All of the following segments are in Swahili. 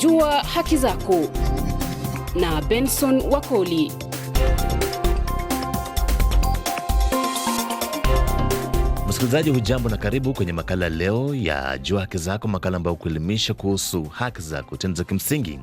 Jua haki zako na Benson Wakoli. Msikilizaji, hujambo na karibu kwenye makala leo ya Jua Haki Zako, makala ambayo kuelimisha kuhusu haki zako tena za kimsingi.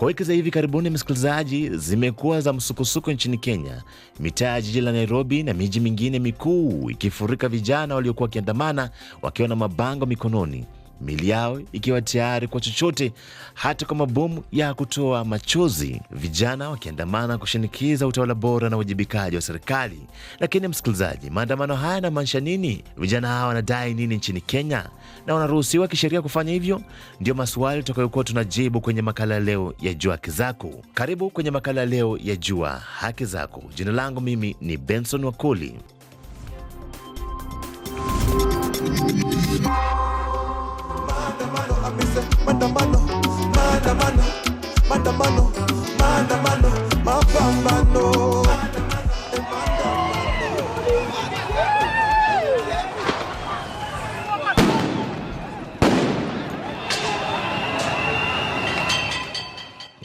Kwa wiki za hivi karibuni, msikilizaji, zimekuwa za msukosuko nchini Kenya, mitaa ya jiji la Nairobi na miji mingine mikuu ikifurika vijana waliokuwa wakiandamana wakiwa na mabango mikononi mili yao ikiwa tayari kwa chochote, hata kwa mabomu ya kutoa machozi, vijana wakiandamana kushinikiza utawala bora na uwajibikaji wa serikali. Lakini msikilizaji, maandamano haya yanamaanisha nini? Vijana hawa wanadai nini nchini Kenya, na wanaruhusiwa kisheria kufanya hivyo? Ndio maswali tutakayokuwa tunajibu kwenye makala leo ya Jua Haki Zako. Karibu kwenye makala leo ya Jua Haki Zako. Jina langu mimi ni Benson Wakoli. Mandamano, mandamano, mandamano, mapambano.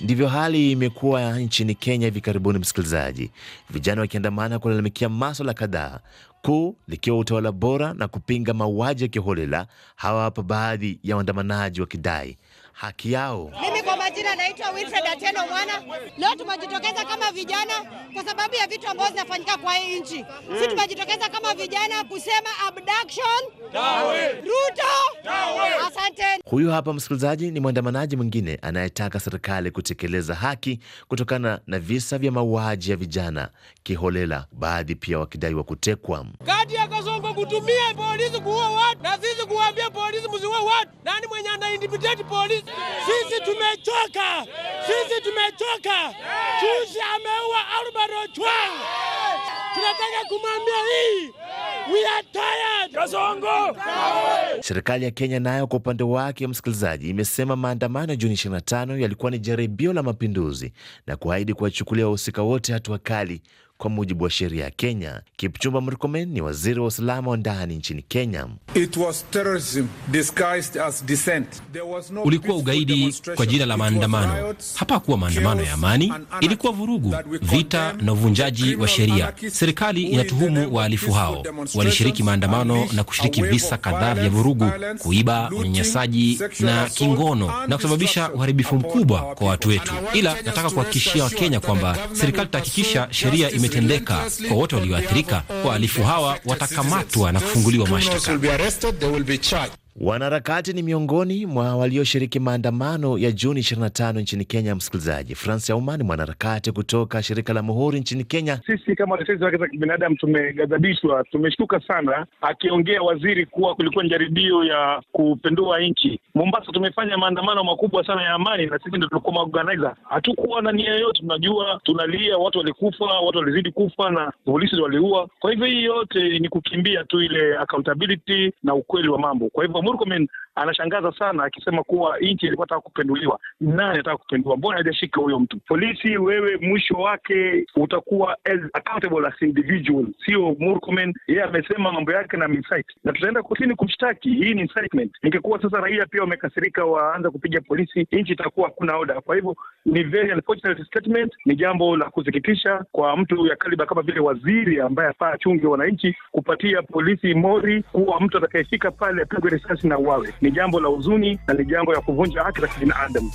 Ndivyo hali imekuwa nchini Kenya hivi karibuni, msikilizaji, vijana wakiandamana kulalamikia maswala kadhaa, kuu likiwa utawala bora na kupinga mauaji ya kiholela. Hawa hapa baadhi ya waandamanaji wakidai haki yao. Mimi kwa majina naitwa Wilfred Ateno Mwana. Leo tumejitokeza kama vijana kwa sababu ya vitu ambavyo zinafanyika kwa hii nchi mm. tumejitokeza kama vijana kusema abduction Dawe. Ruto Dawe. Asante. Huyu hapa msikilizaji ni mwandamanaji mwingine anayetaka serikali kutekeleza haki kutokana na visa vya mauaji ya vijana kiholela, baadhi pia wakidaiwa kutekwa. Kadi ya Kasongo kutumia polisi kuua watu na sisi kuambia polisi msiue watu, nani mwenye anaindipiteti polisi sisi tumechoka, sisi tumechoka. Chuzi ameua Albert Ojwang. Tunataka kumwambia hii we are tired. Kazongo. Serikali ya Kenya nayo kwa upande wake, msikilizaji, imesema maandamano ya Juni 25 yalikuwa ni jaribio la mapinduzi na kuahidi kuwachukulia wahusika wote hatua kali kwa mujibu wa sheria ya Kenya, Kipchumba Murkomen ni waziri wa usalama wa ndani nchini Kenya. It was terrorism disguised as dissent. There was no ulikuwa ugaidi kwa jina la maandamano. Hapakuwa maandamano ya amani, ilikuwa vurugu, vita na uvunjaji wa sheria. Serikali inatuhumu wahalifu hao, walishiriki maandamano na kushiriki visa kadhaa vya vurugu, kuiba, unyanyasaji na kingono na kusababisha uharibifu mkubwa kwa watu wetu. Ila nataka kuhakikishia Wakenya kwamba serikali itahakikisha sheria ime umetendeka kwa wote walioathirika. Wahalifu hawa watakamatwa na kufunguliwa mashtaka. Wanaharakati ni miongoni mwa walioshiriki maandamano ya Juni 25 nchini Kenya. Msikilizaji, Francis Auma ni mwanaharakati kutoka shirika la Muhuri nchini Kenya. Sisi kama watetezi wa haki za kibinadamu tumeghadhabishwa, tumeshtuka sana, akiongea waziri kuwa kulikuwa ni jaribio ya kupendua nchi. Mombasa tumefanya maandamano makubwa sana ya amani, na sisi ndo tulikuwa maorganiza. Hatukuwa na nia yoyote, tunajua tunalia, watu walikufa, watu walizidi kufa na polisi waliua. Kwa hivyo hii yote ni kukimbia tu ile accountability na ukweli wa mambo. Kwa hivyo amor, como anashangaza sana akisema kuwa nchi ilikuwa taka kupenduliwa. Nani anataka kupendua? Mbona hajashika huyo mtu? Polisi wewe, mwisho wake utakuwa as accountable as individual, sio Murkomen. Yeye amesema mambo yake na incite, na tutaenda kotini kumshtaki. Hii ni incitement. Ingekuwa sasa raia pia wamekasirika, waanza kupiga polisi, nchi itakuwa hakuna oda. Kwa hivyo ni very unfortunate statement, ni jambo la kusikitisha kwa mtu ya kaliba kama vile waziri ambaye afaa chunge wananchi, kupatia polisi mori kuwa mtu atakayefika pale apigwe risasi na uwawe ni jambo la huzuni na ni jambo ya kuvunja haki za kibinadamu.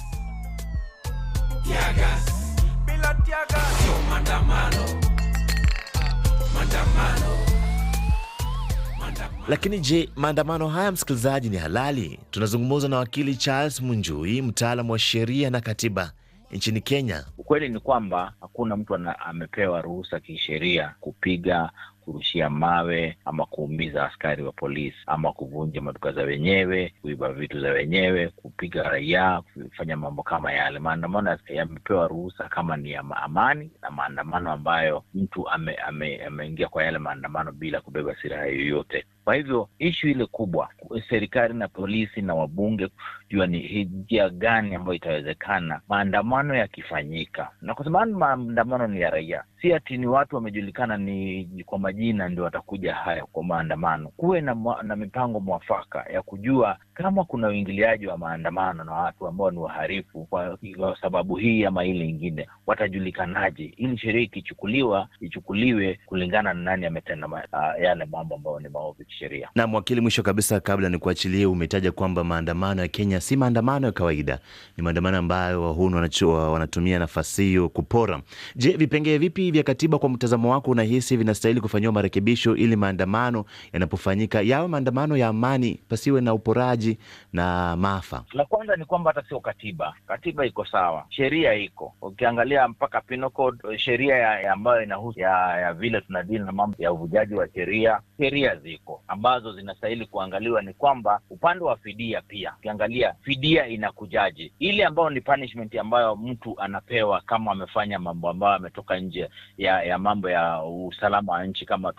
Lakini je, maandamano haya msikilizaji, ni halali? Tunazungumza na wakili Charles Munjui, mtaalamu wa sheria na katiba nchini Kenya. Ukweli ni kwamba hakuna mtu ana, amepewa ruhusa kisheria kupiga kurushia mawe ama kuumiza askari wa polisi ama kuvunja maduka za wenyewe, kuiba vitu za wenyewe, kupiga raia, kufanya mambo kama yale. Maandamano yamepewa ruhusa kama ni ya amani na maandamano ambayo mtu ameingia ame, ame kwa yale maandamano bila kubeba silaha yoyote. Kwa hivyo ishu ile kubwa, serikali na polisi na wabunge kujua ni njia gani ambayo itawezekana maandamano yakifanyika, na kwa sababu maandamano ni ya raia, si ati ni watu wamejulikana ni kwa majina ndio watakuja haya kwa maandamano. Kuwe na, na mipango mwafaka ya kujua kama kuna uingiliaji wa maandamano na watu ambao ni waharifu kwa, kwa sababu hii ama ile ingine, watajulikanaje ili sheria ikichukuliwa ichukuliwe kulingana na nani ametenda yale mambo ambayo ni maovu kisheria. Na mwakili, mwisho kabisa, kabla ni kuachilie umetaja kwamba maandamano ya Kenya si maandamano ya kawaida, ni maandamano ambayo wahuni wanatumia nafasi hiyo kupora. Je, vipengee vipi vya katiba kwa mtazamo wako unahisi vinastahili kufanyiwa marekebisho ili maandamano yanapofanyika yawe maandamano ya amani, pasiwe na uporaji na maafa? La kwanza ni kwamba hata sio katiba, katiba iko sawa, sheria iko. Ukiangalia mpaka penal code, eh, sheria ambayo inahusu ya, ya vile tunadili na mambo ya uvujaji wa sheria, sheria ziko ambazo zinastahili kuangaliwa ni kwamba upande wa fidia pia, ukiangalia fidia inakujaje, ile ambayo ni punishment ambayo mtu anapewa kama amefanya mambo ambayo ametoka nje ya, ya mambo ya usalama wa nchi, kama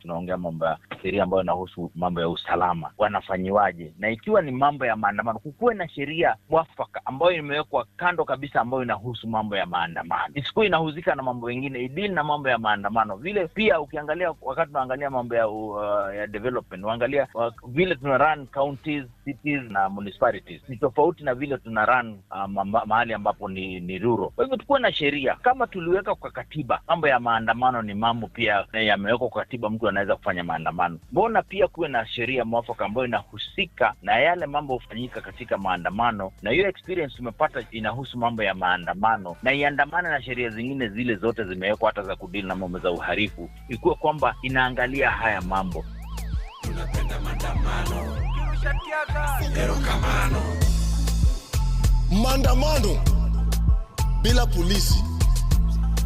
tunaongea mambo ya sheria ambayo inahusu mambo ya usalama, wanafanyiwaje? Na ikiwa ni mambo ya maandamano, kukuwe na sheria mwafaka ambayo imewekwa kando kabisa, ambayo inahusu mambo ya maandamano, isikuwa inahusika na mambo mengine, idili na mambo ya maandamano vile. Pia ukiangalia wakati unaangalia mambo ya, uh, ya develop development. Waangalia vile tuna run counties, cities na municipalities ni tofauti na vile tuna run uh, ma ma mahali ambapo ni, ni ruro Kwa hivyo tukuwe na sheria kama tuliweka kwa katiba. Mambo ya maandamano ni mambo pia yamewekwa kwa katiba, mtu anaweza kufanya maandamano. Mbona pia kuwe na sheria mwafaka ambayo inahusika na yale mambo hufanyika katika maandamano, na hiyo experience tumepata inahusu mambo ya maandamano, na iandamane na sheria zingine zile zote zimewekwa, hata za kudili na mambo za uharifu ikuwe kwamba inaangalia haya mambo mandamano maandamano bila polisi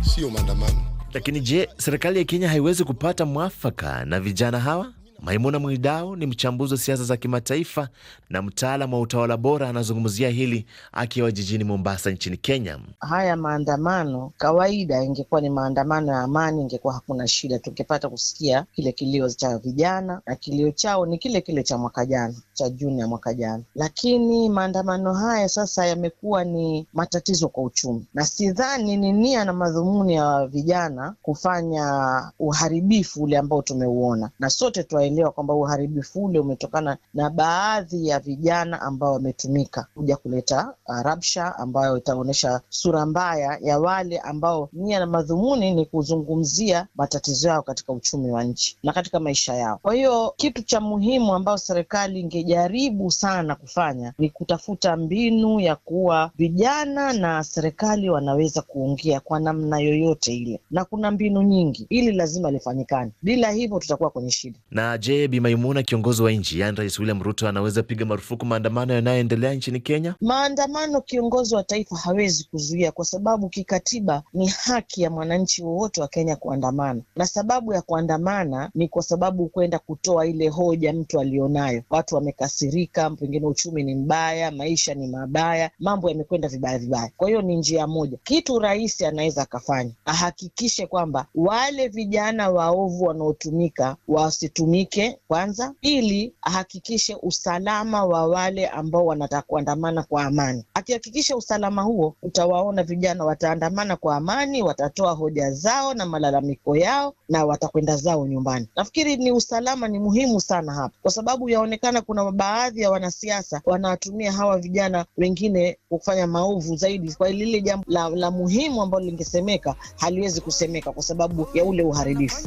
siyo maandamano. Lakini je, serikali ya Kenya haiwezi kupata mwafaka na vijana hawa? Maimuna Mwidao ni mchambuzi wa siasa za kimataifa na mtaalamu wa utawala bora, anazungumzia hili akiwa jijini Mombasa nchini Kenya. Haya maandamano kawaida, ingekuwa ni maandamano ya amani, ingekuwa hakuna shida, tungepata kusikia kile kilio cha vijana, na kilio chao ni kile kile cha mwaka jana, cha Juni ya mwaka jana. Lakini maandamano haya sasa yamekuwa ni matatizo kwa uchumi, na sidhani ni nia na madhumuni ya vijana kufanya uharibifu ule ambao tumeuona, na sote tuwa tunaelewa kwamba uharibifu ule umetokana na baadhi ya vijana ambao wametumika kuja kuleta uh, rabsha ambayo itaonyesha sura mbaya ya wale ambao nia na madhumuni ni kuzungumzia matatizo yao katika uchumi wa nchi na katika maisha yao. Kwa hiyo kitu cha muhimu ambayo serikali ingejaribu sana kufanya ni kutafuta mbinu ya kuwa vijana na serikali wanaweza kuongea kwa namna yoyote ile, na kuna mbinu nyingi, ili lazima lifanyikane, bila hivyo tutakuwa kwenye shida na Je, Bi Maimuna, kiongozi wa nchi yaani Rais William Ruto anaweza piga marufuku maandamano yanayoendelea nchini Kenya? Maandamano kiongozi wa taifa hawezi kuzuia, kwa sababu kikatiba ni haki ya mwananchi wowote wa Kenya kuandamana, na sababu ya kuandamana ni kwa sababu kwenda kutoa ile hoja mtu alionayo. Watu wamekasirika, pengine uchumi ni mbaya, maisha ni mabaya, mambo yamekwenda vibaya vibaya. Kwa hiyo ni njia moja. Kitu rais anaweza akafanya, ahakikishe kwamba wale vijana waovu wanaotumika wasitumike asaidike kwanza, ili ahakikishe usalama wa wale ambao wanataka kuandamana kwa amani. Akihakikisha usalama huo, utawaona vijana wataandamana kwa amani, watatoa hoja zao na malalamiko yao na watakwenda zao nyumbani. Nafikiri ni usalama ni muhimu sana hapa, kwa sababu yaonekana kuna baadhi ya wanasiasa wanawatumia hawa vijana wengine kufanya maovu zaidi. Kwa lile jambo la, la muhimu ambalo lingesemeka haliwezi kusemeka kwa sababu ya ule uharibifu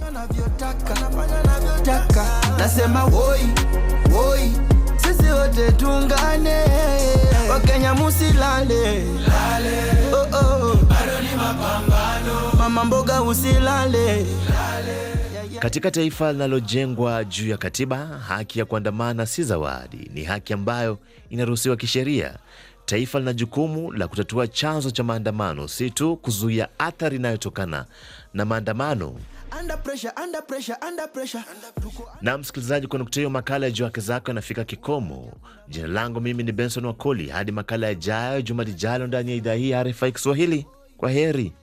nasema woi woi, sisi wote tungane, Wakenya musilale lale, oh oh, bado ni mapambano, mama mboga usilale lale. Katika taifa linalojengwa juu ya katiba, haki ya kuandamana si zawadi, ni haki ambayo inaruhusiwa kisheria. Taifa lina jukumu la kutatua chanzo cha maandamano, si tu kuzuia athari inayotokana na maandamano. Na msikilizaji, kwa nukta hiyo makala ya Jua Haki Zako yanafika kikomo. Jina langu mimi ni Benson Wakoli, hadi makala yajayo juma lijalo ndani ya idhaa hii ya RFI Kiswahili. Kwa heri.